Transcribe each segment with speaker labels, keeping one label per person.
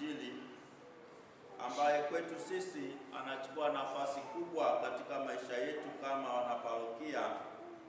Speaker 1: Injili ambaye kwetu sisi anachukua nafasi kubwa katika maisha yetu kama wanaparokia,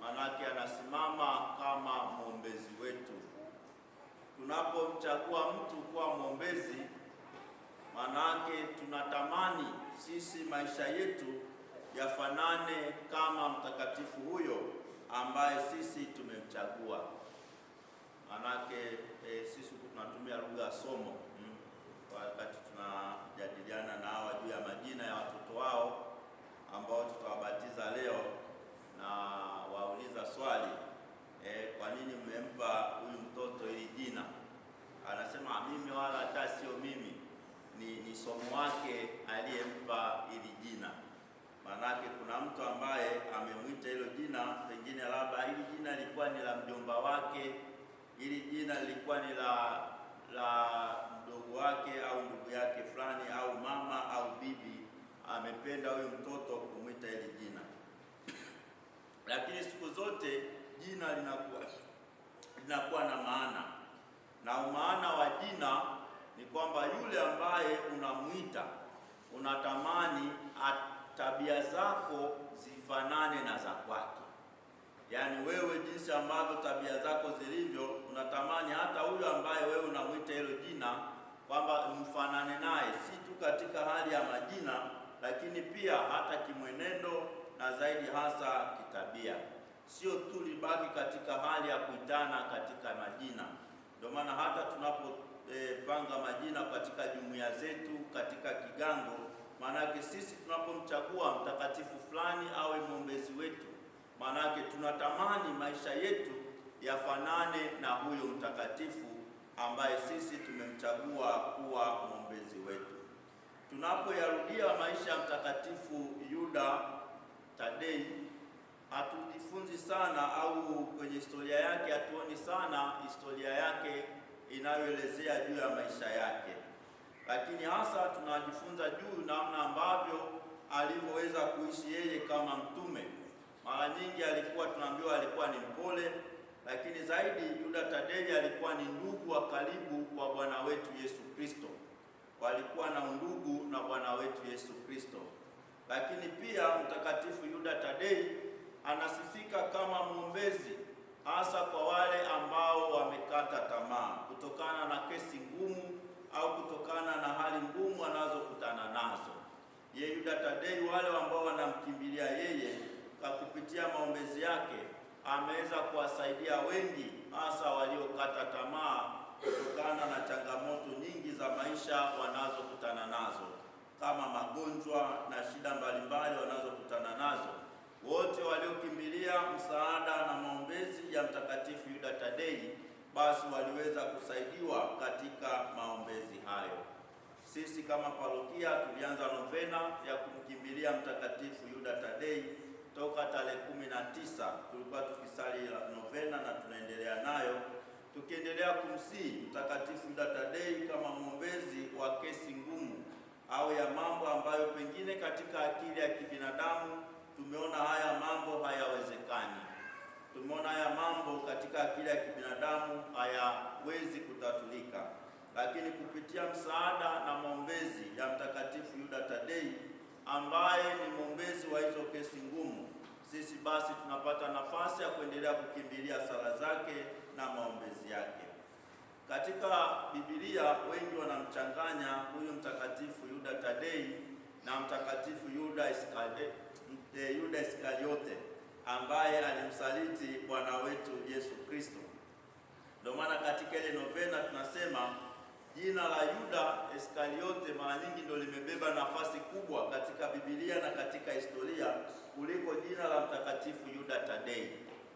Speaker 1: manake anasimama kama mwombezi wetu. Tunapomchagua mtu kuwa mwombezi, manake tunatamani sisi maisha yetu yafanane kama mtakatifu huyo ambaye sisi tumemchagua. Manake e, sisi tunatumia lugha ya somo wakati tunajadiliana na hawa juu ya majina ya watoto wao ambao tutawabatiza leo, na wauliza swali e, kwa nini mmempa huyu mtoto hili jina? Anasema mimi wala hata sio mimi, ni, ni somo wake aliyempa hili jina. Maanake kuna mtu ambaye amemwita hilo jina, pengine labda hili jina lilikuwa ni la mjomba wake, hili jina lilikuwa ni la la mdogo wake au ndugu yake fulani au mama au bibi amependa huyu mtoto kumwita hili jina. Lakini siku zote jina linakuwa linakuwa na maana, na umaana wa jina ni kwamba yule ambaye unamwita unatamani tabia zako zifanane na za kwake. Yaani wewe jinsi ambavyo tabia zako zilivyo, unatamani hata huyo ambaye wewe unamwita hilo jina kwamba mfanane naye si tu katika hali ya majina, lakini pia hata kimwenendo na zaidi hasa kitabia. Sio tu libaki katika hali ya kuitana katika majina. Ndio maana hata tunapopanga eh, e, majina katika jumuiya zetu, katika kigango, maanake sisi tunapomchagua mtakatifu fulani awe mwombezi wetu, maanake tunatamani maisha yetu yafanane na huyo mtakatifu ambaye sisi tumemchagua kuwa mwombezi wetu. Tunapoyarudia maisha ya Mtakatifu Yuda Tadei, hatujifunzi sana au kwenye historia yake hatuoni sana historia yake inayoelezea juu ya maisha yake, lakini hasa tunajifunza juu namna ambavyo alivyoweza kuishi yeye kama mtume. Mara nyingi alikuwa tunaambiwa alikuwa ni mpole lakini zaidi Yuda tadei alikuwa ni ndugu wa karibu wa Bwana wetu Yesu Kristo, walikuwa na undugu na Bwana wetu Yesu Kristo. Lakini pia mtakatifu Yuda Tadei anasifika kama mwombezi, hasa kwa wale ambao wamekata tamaa kutokana na kesi ngumu au kutokana na hali ngumu wanazokutana nazo. Ye Yuda Tadei, wale ambao wanamkimbilia yeye kwa kupitia maombezi yake ameweza kuwasaidia wengi, hasa waliokata tamaa kutokana na changamoto nyingi za maisha wanazokutana nazo kama magonjwa na shida mbalimbali wanazokutana nazo. Wote waliokimbilia msaada na maombezi ya Mtakatifu Yuda Tadei basi waliweza kusaidiwa katika maombezi hayo. Sisi kama parokia tulianza novena ya kumkimbilia Mtakatifu Yuda Tadei toka tarehe kumi na tisa tulikuwa tukisali novena na tunaendelea nayo, tukiendelea kumsihi Mtakatifu Mdatadei kama mwombezi wa kesi ngumu au ya mambo ambayo pengine katika akili ya kibinadamu tumeona haya mambo hayawezekani, tumeona haya mambo katika akili ya kibinadamu hayawezi kutatulika, lakini kupitia msaada na maombezi ya Mtakatifu Yuda Tadei ambaye ni mwombezi wa basi tunapata nafasi ya kuendelea kukimbilia sala zake na maombezi yake. Katika Biblia wengi wanamchanganya huyu mtakatifu Yuda Tadei na mtakatifu Yuda Iskariote, eh, Yuda Iskariote ambaye alimsaliti Bwana wetu Yesu Kristo. Ndio maana katika ile novena tunasema Jina la Yuda Iskariote mara nyingi ndio limebeba nafasi kubwa katika Biblia na katika historia kuliko jina la mtakatifu Yuda Tadei.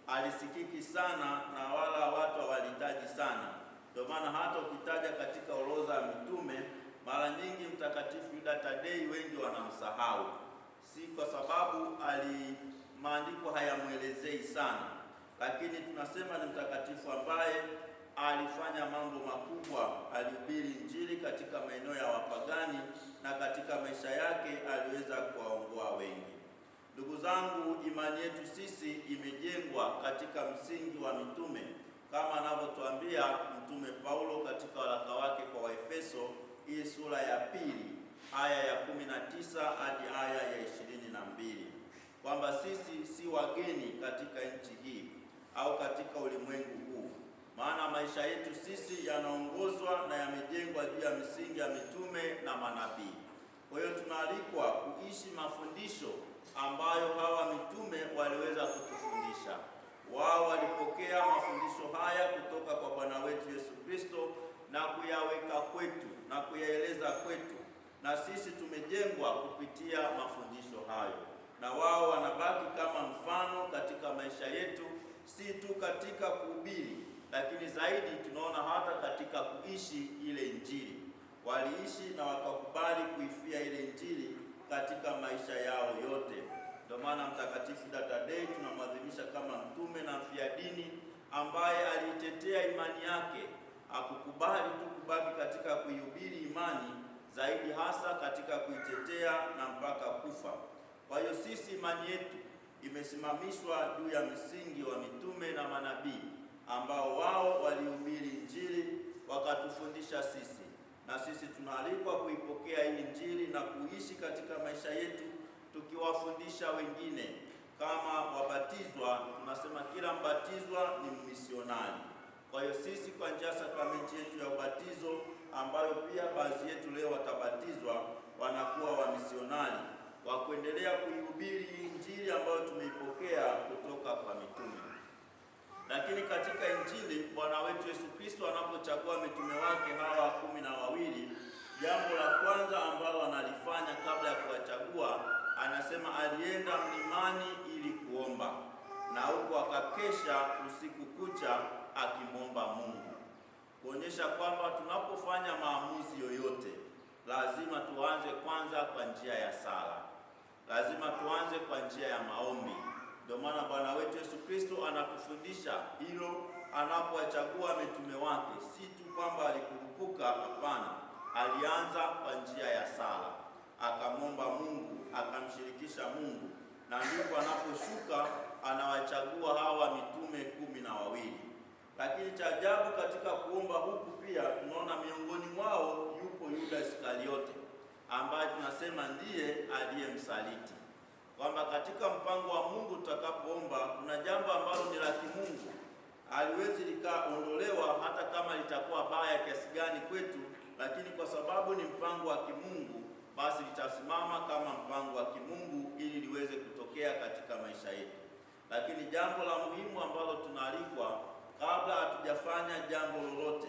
Speaker 1: Alisikiki sana na wala watu hawalitaji sana, ndio maana hata ukitaja katika orodha ya mitume mara nyingi mtakatifu Yuda Tadei wengi wanamsahau, si kwa sababu ali maandiko hayamwelezei sana, lakini tunasema ni mtakatifu ambaye alifanya mambo makubwa, alihubiri Injili katika maeneo ya wapagani na katika maisha yake aliweza kuwaongoa wengi. Ndugu zangu, imani yetu sisi imejengwa katika msingi wa mitume kama anavyotuambia Mtume Paulo katika waraka wake kwa Waefeso, hii sura ya pili aya ya 19 hadi aya ya 22, kwamba sisi si wageni katika nchi hii au katika ulimwengu huu maana maisha yetu sisi yanaongozwa na yamejengwa juu ya misingi ya mitume na manabii. Kwa hiyo tunaalikwa kuishi mafundisho ambayo hawa mitume waliweza kutufundisha. Wao walipokea mafundisho haya kutoka kwa Bwana wetu Yesu Kristo na kuyaweka kwetu na kuyaeleza kwetu, na sisi tumejengwa kupitia mafundisho hayo, na wao wanabaki kama mfano katika maisha yetu, si tu katika kuhubiri lakini zaidi tunaona hata katika kuishi ile Injili waliishi na wakakubali kuifia ile Injili katika maisha yao yote. Ndio maana Mtakatifu Datadei tunamwadhimisha kama mtume na mfia dini ambaye alitetea imani yake, akukubali tu kubaki katika kuihubiri imani, zaidi hasa katika kuitetea na mpaka kufa. Kwa hiyo sisi imani yetu imesimamishwa juu ya msingi wa mitume na manabii ambao wao walihubiri Injili wakatufundisha sisi, na sisi tunaalikwa kuipokea hii Injili na kuishi katika maisha yetu tukiwafundisha wengine. Kama wabatizwa, tunasema kila mbatizwa ni mmisionari. Kwa hiyo sisi kwa njia sakramenti yetu ya ubatizo, ambayo pia baadhi yetu leo watabatizwa, wanakuwa wamisionari wa kuendelea kuihubiri Injili ambayo tumeipokea kutoka kwa katika Injili Bwana wetu Yesu Kristo anapochagua mitume wake hawa kumi na wawili, jambo la kwanza ambalo analifanya kabla ya kuwachagua, anasema alienda mlimani ili kuomba, na huko akakesha usiku kucha akimwomba Mungu, kuonyesha kwamba tunapofanya maamuzi yoyote lazima tuanze kwanza kwa njia ya sala, lazima tuanze kwa njia ya maombi ndio maana Bwana wetu Yesu Kristo anatufundisha hilo anapowachagua mitume wake, si tu kwamba alikurupuka. Hapana, alianza kwa njia ya sala, akamwomba Mungu, akamshirikisha Mungu, na ndipo anaposhuka anawachagua hawa mitume kumi na wawili. Lakini cha ajabu katika kuomba huku pia tunaona miongoni mwao yupo Yuda Iskariote ambaye tunasema ndiye aliyemsaliti kwamba katika mpango wa Mungu tutakapoomba kuna jambo ambalo ni la kimungu, haliwezi likaondolewa hata kama litakuwa baya kiasi gani kwetu, lakini kwa sababu ni mpango wa kimungu, basi litasimama kama mpango wa kimungu ili liweze kutokea katika maisha yetu. Lakini jambo la muhimu ambalo tunaalikwa kabla hatujafanya jambo lolote,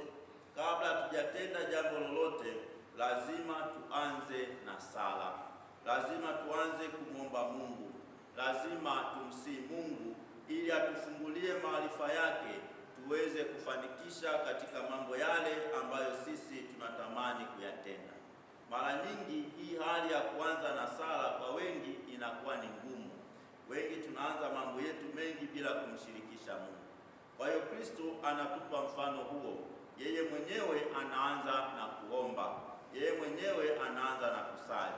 Speaker 1: kabla hatujatenda jambo lolote, lazima tuanze na sala lazima tuanze kumwomba Mungu, lazima tumsii Mungu ili atufungulie maarifa yake tuweze kufanikisha katika mambo yale ambayo sisi tunatamani kuyatenda. Mara nyingi hii hali ya kuanza na sala kwa wengi inakuwa ni ngumu. Wengi tunaanza mambo yetu mengi bila kumshirikisha Mungu. Kwa hiyo Kristo anatupa mfano huo. Yeye mwenyewe anaanza na kuomba, yeye mwenyewe anaanza na kusali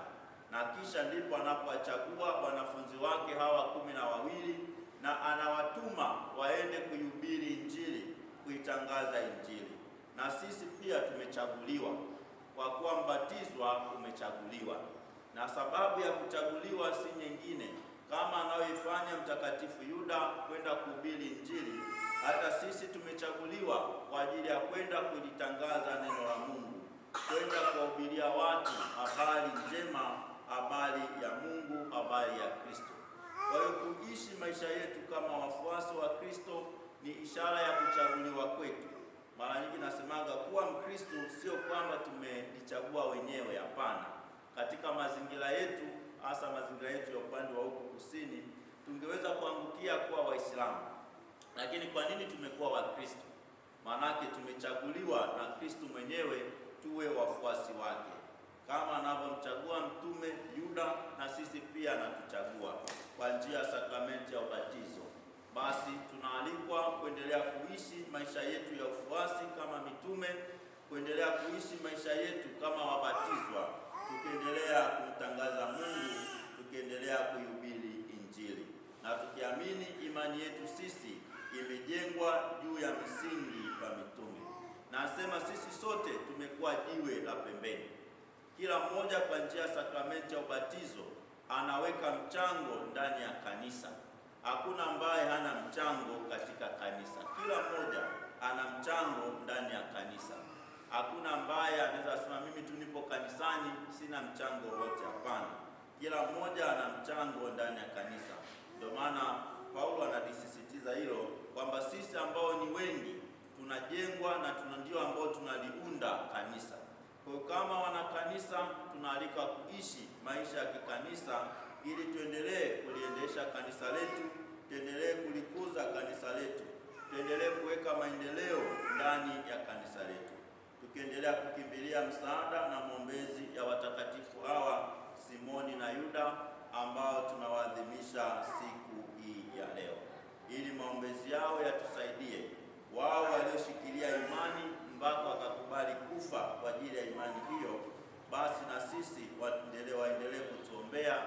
Speaker 1: na kisha ndipo anapowachagua wanafunzi wake hawa kumi na wawili na anawatuma waende kuihubiri Injili, kuitangaza Injili. Na sisi pia tumechaguliwa, kwa kuwa mbatizwa umechaguliwa, na sababu ya kuchaguliwa si nyingine kama anayoifanya Mtakatifu Yuda kwenda kuhubiri Injili. Hata sisi tumechaguliwa kwa ajili ya kwenda kulitangaza neno la Mungu, kwenda kuwahubiria watu habari Kristo ni ishara ya kuchaguliwa kwetu. Mara nyingi nasemaga kuwa Mkristo sio kwamba tumejichagua wenyewe, hapana. Katika mazingira yetu, hasa mazingira yetu ya upande wa huku kusini, tungeweza kuangukia kuwa Waislamu, lakini kwa nini tumekuwa Wakristo? Maanake tumechaguliwa na Kristo mwenyewe tuwe wafuasi wake, kama anavyomchagua Mtume Yuda, na sisi pia anatuchagua kwa njia ya sakramenti ya ubatizo basi tunaalikwa kuendelea kuishi maisha yetu ya ufuasi kama mitume, kuendelea kuishi maisha yetu kama wabatizwa, tukiendelea kumtangaza Mungu, tukiendelea kuihubiri Injili na tukiamini imani yetu sisi imejengwa juu ya misingi ya mitume. Nasema sisi sote tumekuwa jiwe la pembeni. Kila mmoja kwa njia ya sakramenti ya ubatizo anaweka mchango ndani ya kanisa hakuna ambaye hana mchango katika kanisa. Kila mmoja ana mchango ndani ya kanisa. Hakuna ambaye anaweza kusema mimi tu nipo kanisani sina mchango wote. Hapana, kila mmoja ana mchango ndani ya kanisa. Ndio maana Paulo analisisitiza hilo kwamba sisi ambao ni wengi tunajengwa na tuna ndio ambao tunaliunda kanisa. Kwa kama wanakanisa tunaalika kuishi maisha ya kikanisa ili tuendelee kuliendesha kanisa letu tuendelee kulikuza kanisa letu, tuendelee kuweka maendeleo ndani ya kanisa letu, tukiendelea kukimbilia msaada na maombezi ya watakatifu hawa Simoni na Yuda ambao tunawaadhimisha siku hii ya leo, ili maombezi yao yatusaidie wao walioshikilia imani mpaka wakakubali kufa kwa ajili ya imani hiyo, basi na sisi waendelee kutuombea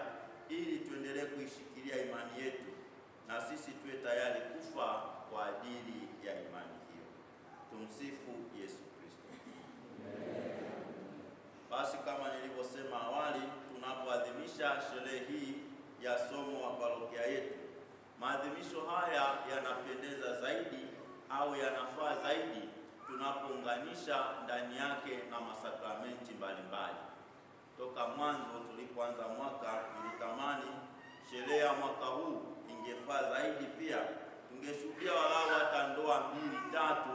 Speaker 1: ili tuendelee kuishikilia imani yetu na sisi tuwe tayari kufa kwa ajili ya imani hiyo. Tumsifu Yesu Kristo. Basi kama nilivyosema awali, tunapoadhimisha sherehe hii ya somo wa parokia yetu, maadhimisho haya yanapendeza zaidi au yanafaa zaidi tunapounganisha ndani yake na masakramenti mbalimbali. Toka mwanzo tulipoanza mwaka, nilitamani sherehe ya mwaka huu ingefaa zaidi pia tungeshuhudia walau hata ndoa mbili tatu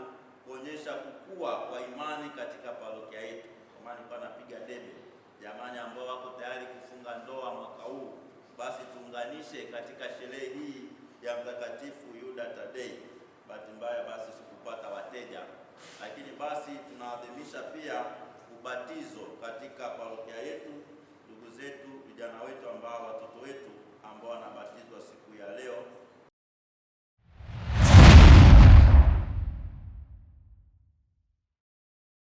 Speaker 1: kuonyesha kukua kwa imani katika parokia yetu. Amani kwa napiga debe jamani, ambao wako tayari kufunga ndoa mwaka huu, basi tuunganishe katika sherehe hii ya Mtakatifu Yuda Tadei. Bahati mbaya basi sikupata wateja, lakini basi tunaadhimisha pia ubatizo katika parokia yetu, ndugu zetu, vijana wetu ambao watoto wetu ambao wanabatizwa siku ya leo